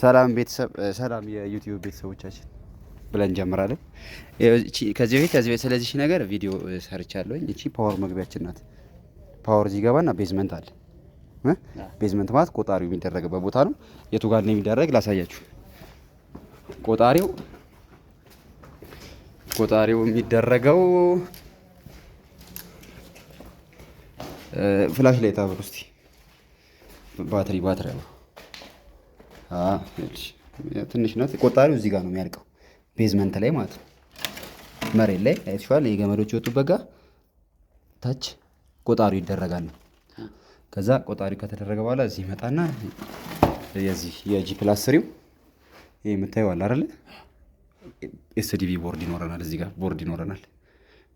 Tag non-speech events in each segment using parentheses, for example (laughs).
ሰላም ቤተሰብ፣ ሰላም የዩቲዩብ ቤተሰቦቻችን ብለን እንጀምራለን። ከዚህ በፊት ከዚህ በፊት ስለዚህ ነገር ቪዲዮ ሰርቻለሁ። እቺ ፓወር መግቢያችን ናት። ፓወር እዚህ ገባና ቤዝመንት አለ። ቤዝመንት ማለት ቆጣሪው የሚደረግበት ቦታ ነው። የቱ ጋር ነው የሚደረግ ላሳያችሁ። ቆጣሪው ቆጣሪው የሚደረገው ፍላሽ ላይ ታብር ውስጥ ባትሪ ባትሪ ነው ትንሽ ናት። ቆጣሪው እዚህ ጋር ነው የሚያልቀው፣ ቤዝመንት ላይ ማለት ነው። መሬት ላይ አይተሽዋል። የገመዶች የወጡበት ጋር ታች ቆጣሪው ይደረጋል። ከዛ ቆጣሪው ከተደረገ በኋላ እዚህ ይመጣና የዚህ የጂ ፕላስ ስሪው ይሄ የምታየው አለ አይደለ? ኤስዲቪ ቦርድ ይኖረናል። እዚህ ጋር ቦርድ ይኖረናል።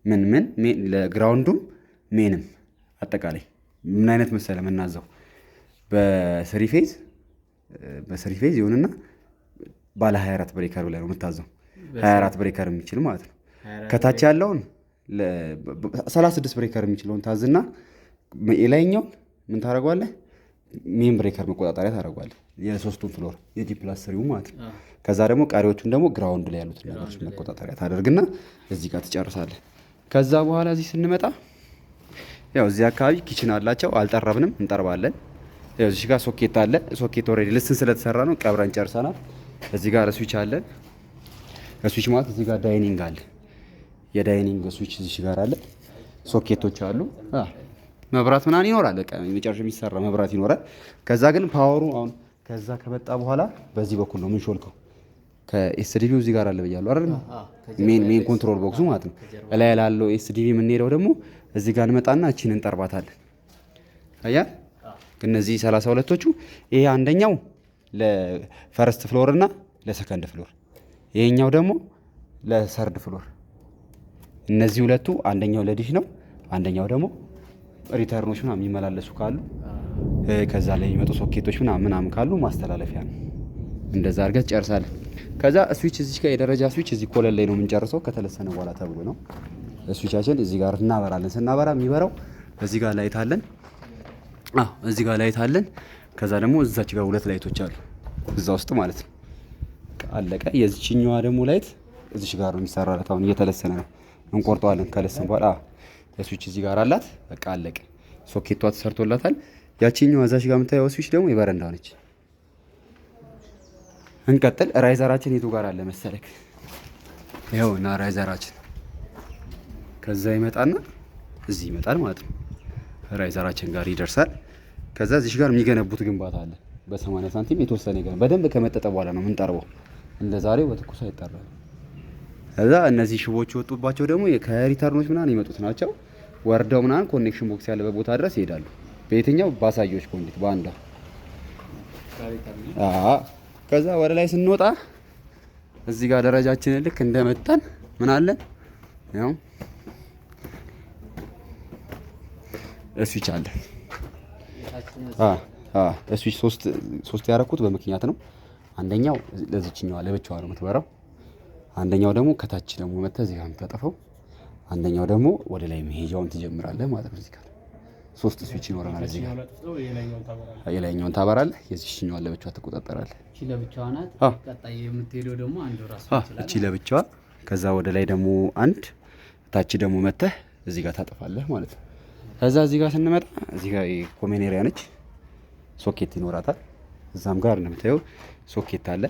ምን ምን ለግራውንዱም ሜንም አጠቃላይ ምን አይነት መሰለ የምናዘው በስሪ ፌዝ በስሪ ፌዝ ይሁንና ባለ 24 ብሬከር ብለህ ነው የምታዘው። 24 ብሬከር የሚችል ማለት ነው። ከታች ያለውን 36 ብሬከር የሚችለውን ታዝና የላይኛውን ምን ታደርገዋለህ? ሜን ብሬከር መቆጣጠሪያ ታደርገዋለህ። የሶስቱን ፍሎር የጂ ፕላስ ስሪው ማለት ነው። ከዛ ደግሞ ቀሪዎቹን ደግሞ ግራውንድ ላይ ያሉትን ነገሮች መቆጣጠሪያ ታደርግና እዚህ ጋር ትጨርሳለህ። ከዛ በኋላ እዚህ ስንመጣ ያው እዚህ አካባቢ ኪችን አላቸው። አልጠረብንም፣ እንጠርባለን እዚህ ጋር ሶኬት አለ። ሶኬት ኦልሬዲ ልስን ስለተሰራ ነው ቀብረን ጨርሰናል። እዚህ ጋር ስዊች አለ። ስዊች ማለት እዚህ ጋር ዳይኒንግ አለ። የዳይኒንግ ስዊች እዚህ ጋር አለ። ሶኬቶች አሉ። መብራት ምናምን ይኖራል። በቃ መጨረሻ የሚሰራ መብራት ይኖራል። ከዛ ግን ፓወሩ አሁን ከዛ ከመጣ በኋላ በዚህ በኩል ነው የምንሾልከው። ከኤስዲቪ እዚህ ጋር አለ ብያለሁ አይደል? ሜን ሜን ኮንትሮል ቦክሱ ማለት ነው። ላይ ላለው ኤስዲቪ የምንሄደው ደግሞ እዚህ ጋር እንመጣና እቺን እንጠርባታለን። አያ እነዚህ 32ቶቹ ይሄ አንደኛው ለፈርስት ፍሎር እና ለሰከንድ ፍሎር፣ ይሄኛው ደግሞ ለሰርድ ፍሎር። እነዚህ ሁለቱ አንደኛው ለዲሽ ነው፣ አንደኛው ደግሞ ሪተርኖች ምናምን የሚመላለሱ ካሉ ከዛ ላይ የሚመጡ ሶኬቶች ምናምን ምናምን ካሉ ማስተላለፊያ ነው። እንደዛ አድርገህ ትጨርሳለህ። ከዛ ስዊች እዚህ ጋር የደረጃ ስዊች እዚህ ኮለል ላይ ነው የምንጨርሰው ከተለሰነ በኋላ ተብሎ ነው። ስዊቻችን እዚህ ጋር እናበራለን። ስናበራ የሚበራው እዚህ ጋር ታለን አዎ እዚህ ጋር ላይት አለን። ከዛ ደግሞ እዛች ጋር ሁለት ላይቶች አሉ እዛ ውስጥ ማለት ነው። አለቀ። የዚችኛዋ ደግሞ ላይት እዚች ጋር ነው የሚሰራላት። አሁን እየተለሰነ ነው፣ እንቆርጠዋለን። ከለሰን በኋላ ስዊች እዚህ ጋር አላት። በቃ አለቀ። ሶኬቷ ተሰርቶላታል። ያቺኛዋ እዛች ጋር የምታየው ስዊች ደግሞ የበረንዳ ነች። እንቀጥል። ራይዘራችን የቱ ጋር አለ መሰለክ? ይኸው እና ራይዘራችን ከዛ ይመጣና እዚህ ይመጣል ማለት ነው። ራይዘራችን ጋር ይደርሳል። ከዛ እዚህ ጋር የሚገነቡት ግንባታ አለ። በ80 ሳንቲም የተወሰነ ይገነባል። በደንብ ከመጠጠ በኋላ ነው የምንጠርበው። እንደ ዛሬው በትኩስ አይጠረም። ከዛ እነዚህ ሽቦች የወጡባቸው ደግሞ ከሪተርኖች ምናምን የመጡት ናቸው። ወርደው ምናምን ኮኔክሽን ቦክስ ያለበት ቦታ ድረስ ይሄዳሉ። በየትኛው ባሳዮች ኮንዲት በአንዳ ከዛ ወደ ላይ ስንወጣ እዚህ ጋር ደረጃችንን ልክ እንደመጣን ምን አለን ያው ስዊች አለ። ስዊች ሶስት ያደረኩት በምክንያት ነው። አንደኛው ለዚችኛዋ ለብቻዋ ነው የምትበራው። አንደኛው ደግሞ ከታች ደግሞ መተ እዚህ ጋር የምታጠፈው። አንደኛው ደግሞ ወደ ላይ መሄጃውን ትጀምራለህ ማለት ነው። እዚህ ጋር ሶስት ስዊች ይኖረናል። እዚህ ጋር የላይኛውን ታበራለህ፣ የዚችኛዋን ለብቻዋ ትቆጣጠራለህ። እቺ ለብቻዋ፣ ከዛ ወደ ላይ ደግሞ አንድ፣ ታች ደግሞ መተህ እዚህ ጋር ታጠፋለህ ማለት ነው። ከዛ እዚህ ጋር ስንመጣ እዚህ ጋር ኮሜን ኤሪያ ነች። ሶኬት ይኖራታል። እዛም ጋር እንደምታየው ሶኬት አለ።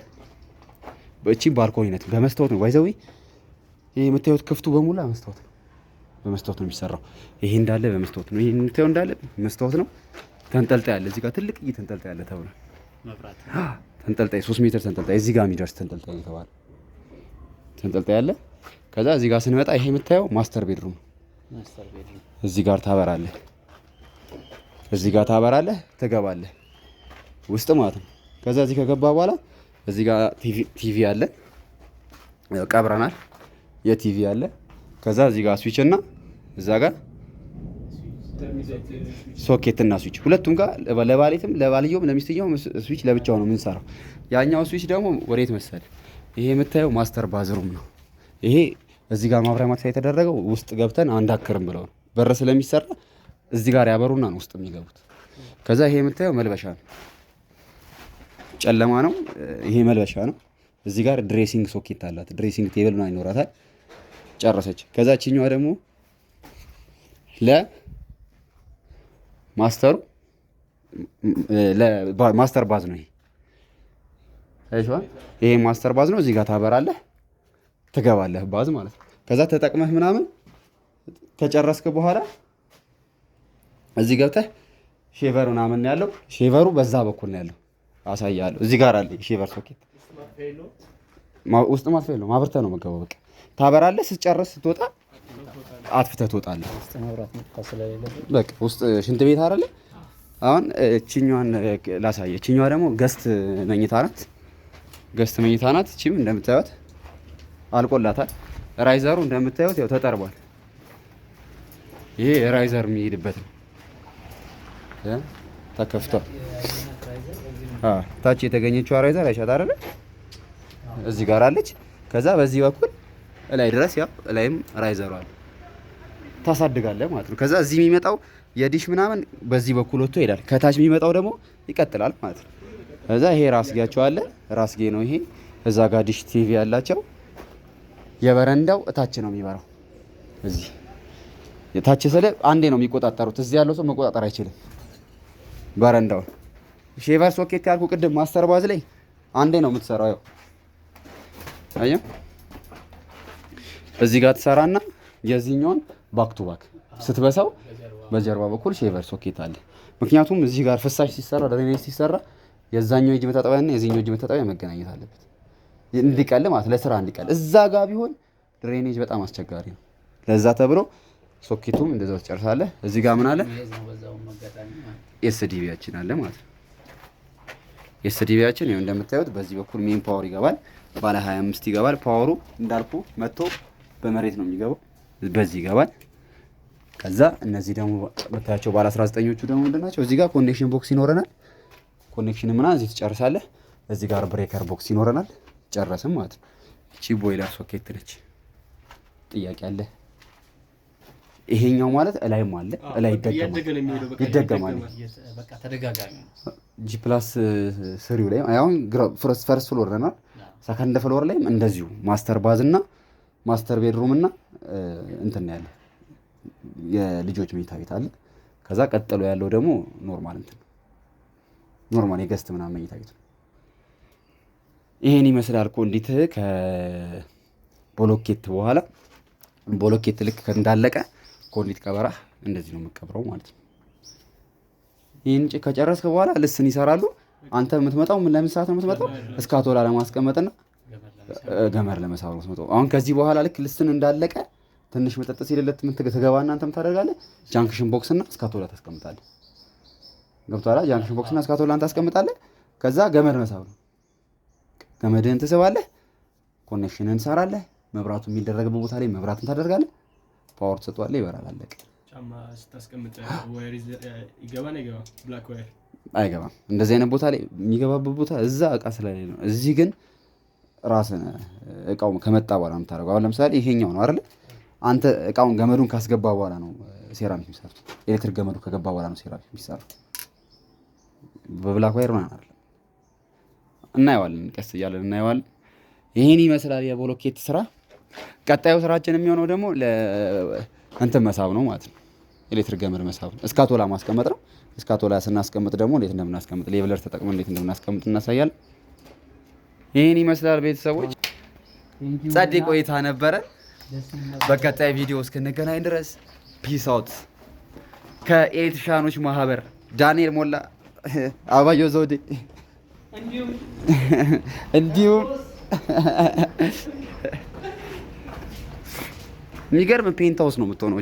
እቺ ባልኮኒ ነች። በመስታወት ነው ባይዘዊ ይህ የምታዩት ክፍቱ በሙሉ መስታወት ነው። በመስታወት ነው የሚሰራው። ይሄ እንዳለ በመስታወት ነው። ይሄ የምታየው እንዳለ መስታወት ነው። ተንጠልጣይ አለ። እዚህ ጋር ትልቅ ይሄ ተንጠልጣይ አለ ተብሎ መብራት ተንጠልጣይ 3 ሜትር ተንጠልጣይ እዚህ ጋር የሚደርስ ተንጠልጣይ የተባለ ተንጠልጣይ አለ። ከዛ እዚህ ጋር ስንመጣ ይሄ የምታየው ማስተር ቤድሩም እዚህ ጋር ታበራለህ፣ እዚህ ጋር ታበራለህ፣ ትገባለህ ውስጥ ማለት ነው። ከዛ እዚህ ከገባ በኋላ እዚህ ጋር ቲቪ አለ፣ ቀብረናል። የቲቪ አለ። ከዛ እዚህ ጋር ስዊች እና እዛ ጋር ሶኬት እና ስዊች ሁለቱም ጋር ለባሌትም ለባልየውም ለሚስትየውም ስዊች ለብቻው ነው የምንሰራው። ያኛው ስዊች ደግሞ ወዴት መሰል ይሄ የምታየው ማስተር ባዝሩም ነው ይሄ እዚህ ጋር ማብሪያ ማጥፊያ የተደረገው ውስጥ ገብተን አንዳክርም ብለው ነው። በር ስለሚሰራ እዚህ ጋር ያበሩና ነው ውስጥ የሚገቡት። ከዛ ይሄ የምታየው መልበሻ ነው፣ ጨለማ ነው። ይሄ መልበሻ ነው። እዚህ ጋር ድሬሲንግ ሶኬት አላት፣ ድሬሲንግ ቴብል ምናምን ይኖራታል። ጨረሰች። ከዛ ችኛዋ ደግሞ ለማስተሩ ማስተር ባዝ ነው። ይሄ ይሄ ማስተር ባዝ ነው። እዚህ ጋር ታበራለህ ትገባለህ ባዝ ማለት ነው። ከዛ ተጠቅመህ ምናምን ከጨረስክ በኋላ እዚህ ገብተህ ሼቨር ምናምን ያለው። ሼቨሩ በዛ በኩል ነው ያለው፣ አሳያለሁ። እዚህ ጋር አለ ሼቨር ሶኬት፣ ውስጥ ማጥፋት ነው። አብርተህ ነው መገበው። በቃ ታበራለህ። ስጨርስ ስትወጣ አጥፍተህ ትወጣለህ። በቃ ውስጥ ሽንት ቤት አይደለ? አሁን እችኛዋን ላሳየህ። እችኛዋ ደግሞ ገስት መኝታ ናት። ገስት መኝታ ናት። እቺም እንደምታዩት አልቆላታል። ራይዘሩ እንደምታዩት ያው ተጠርቧል። ይሄ ራይዘር የሚሄድበት ነው። ተከፍቷል። ታች የተገኘችው ራይዘር አይሻት አይደለ? እዚህ ጋር አለች። ከዛ በዚህ በኩል እላይ ድረስ ያው ላይም ራይዘሩ አለ። ታሳድጋለ ማለት ነው። ከዛ እዚህ የሚመጣው የዲሽ ምናምን በዚህ በኩል ወጥቶ ይሄዳል። ከታች የሚመጣው ደግሞ ይቀጥላል ማለት ነው። ከዛ ይሄ ራስጌያቸው አለ። ራስጌ ነው ይሄ። እዛ ጋር ዲሽ ቲቪ ያላቸው የበረንዳው እታች ነው የሚበራው። እዚህ የታች ስለ አንዴ ነው የሚቆጣጠሩት። እዚህ ያለው ሰው መቆጣጠር አይችልም በረንዳውን። ሼቨር ሶኬት ያልኩ ቅድም ማስተር ባዝ ላይ አንዴ ነው የምትሰራው። ያው አየህ፣ እዚህ ጋር ትሰራና የዚህኛውን ባክ ቱ ባክ ስትበሳው በጀርባ በኩል ሼቨር ሶኬት አለ። ምክንያቱም እዚህ ጋር ፍሳሽ ሲሰራ፣ ድሬኔጅ ሲሰራ የዛኛው እጅ መታጠቢያና የዚህኛው እጅ መታጠቢያ መገናኘት አለበት። እንዲቀል ማለት ለስራ እንዲቀል እዛ ጋር ቢሆን ድሬኔጅ በጣም አስቸጋሪ ነው። ለዛ ተብሎ ሶኬቱም እንደዛው ትጨርሳለህ። እዚህ ጋር ምን አለ ኤስዲቪያችን አለ ማለት ነው። ኤስዲቪያችን ይኸው እንደምታዩት በዚህ በኩል ሜን ፓወር ይገባል፣ ባለ 25 ይገባል። ፓወሩ እንዳልኩ መጥቶ በመሬት ነው የሚገባው፣ በዚህ ይገባል። ከዛ እነዚህ ደግሞ ብታያቸው ባለ 19ኞቹ ደግሞ ምንድን ናቸው? እዚህ ጋር ኮኔክሽን ቦክስ ይኖረናል። ኮኔክሽን ምና እዚህ ትጨርሳለህ። እዚህ ጋር ብሬከር ቦክስ ይኖረናል። ጨረስን ማለት ነው። እቺ ቦይለር ሶኬት ነች። ጥያቄ አለ? ይሄኛው ማለት እላይም አለ እላይ ይደገማል። ጂ ፕላስ ስሪው ላይ አሁን ፈርስት ፍሎር ነናል። ሰከንድ ፍሎር ላይም እንደዚሁ ማስተር ባዝ እና ማስተር ቤድሩም እና እንትን ያለ የልጆች መኝታ ቤት አለ። ከዛ ቀጥሎ ያለው ደግሞ ኖርማል እንትን ኖርማል የገስት ምናምን መኝታ ቤት ነው። ይሄን ይመስላል ኮንዲት ከቦሎኬት በኋላ ቦሎኬት ልክ እንዳለቀ ኮንዲት ቀበራ እንደዚህ ነው የምቀብረው ማለት ነው። ይህን ከጨረስክ በኋላ ልስን ይሰራሉ። አንተ የምትመጣው ምን ለምን ሰዓት ነው የምትመጣው? እስካቶላ ለማስቀመጥና ገመር ለመሳብ ነው የምትመጣው። አሁን ከዚህ በኋላ ልክ ልስን እንዳለቀ ትንሽ መጠጥ ሲልለት ትገባ እናንተም ታደርጋለህ። ጃንክሽን ቦክስ እና እስካቶላ ታስቀምጣለህ። ገብቶሃል? ጃንክሽን ቦክስ እና እስካቶላ ታስቀምጣለህ። ከዛ ገመር መሳብ ነው ገመድህን ትስባለህ፣ ኮኔክሽንህን እንሰራለህ፣ መብራቱ የሚደረግበት ቦታ ላይ መብራትን ታደርጋለህ፣ ፓወር ትሰጠዋለህ፣ ይበራል፣ አለቀ። አይገባም። እንደዚህ አይነት ቦታ ላይ የሚገባበት ቦታ እዛ እቃ ስለሌለ ነው። እዚህ ግን ራስን እቃው ከመጣ በኋላ ነው የምታደርገው። አሁን ለምሳሌ ይሄኛው ነው አይደለ? አንተ እቃውን ገመዱን ካስገባ በኋላ ነው ሴራሚክ የሚሰሩት። ኤሌክትሪክ ገመዱ ከገባ በኋላ ነው ሴራሚክ የሚሰሩት። በብላክ ዋየር ምናምን አይደለም። እናየዋለን፣ ቀስ እያለን እናየዋለን። ይህን ይመስላል የብሎኬት ስራ። ቀጣዩ ስራችን የሚሆነው ደግሞ እንትን መሳብ ነው ማለት ነው። ኤሌክትሪክ ገመድ መሳብ ነው። እስካቶላ ማስቀመጥ ነው። እስካቶላ ስናስቀምጥ ደግሞ እንዴት እንደምናስቀምጥ ሌቭለር ተጠቅመን እንዴት እንደምናስቀምጥ እናሳያል። ይህን ይመስላል ቤተሰቦች፣ ጸዴ ቆይታ ነበረ። በቀጣይ ቪዲዮ እስክንገናኝ ድረስ ፒስ አውት። ከኤሌትሪሻኖች ማህበር ዳንኤል ሞላ፣ አባዮ ዘውዴ እንዲሁም (laughs) (laughs) የሚገርም ፔንት ሃውስ ነው የምትሆነው።